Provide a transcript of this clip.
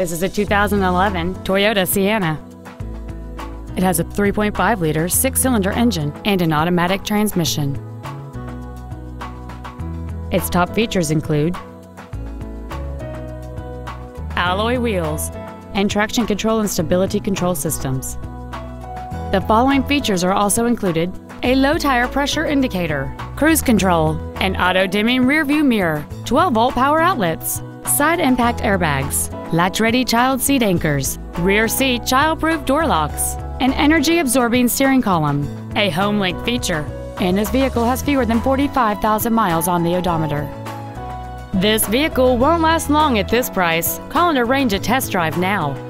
This is a 2011 Toyota Sienna. It has a 3.5-liter six-cylinder engine and an automatic transmission. Its top features include alloy wheels and traction control and stability control systems. The following features are also included a low tire pressure indicator, cruise control, an auto dimming rearview mirror, 12 volt power outlets, side impact airbags, latch-ready child seat anchors, rear seat child-proof door locks, an energy-absorbing steering column, a home link feature, and this vehicle has fewer than 45,000 miles on the odometer. This vehicle won't last long at this price. Call and arrange a test drive now.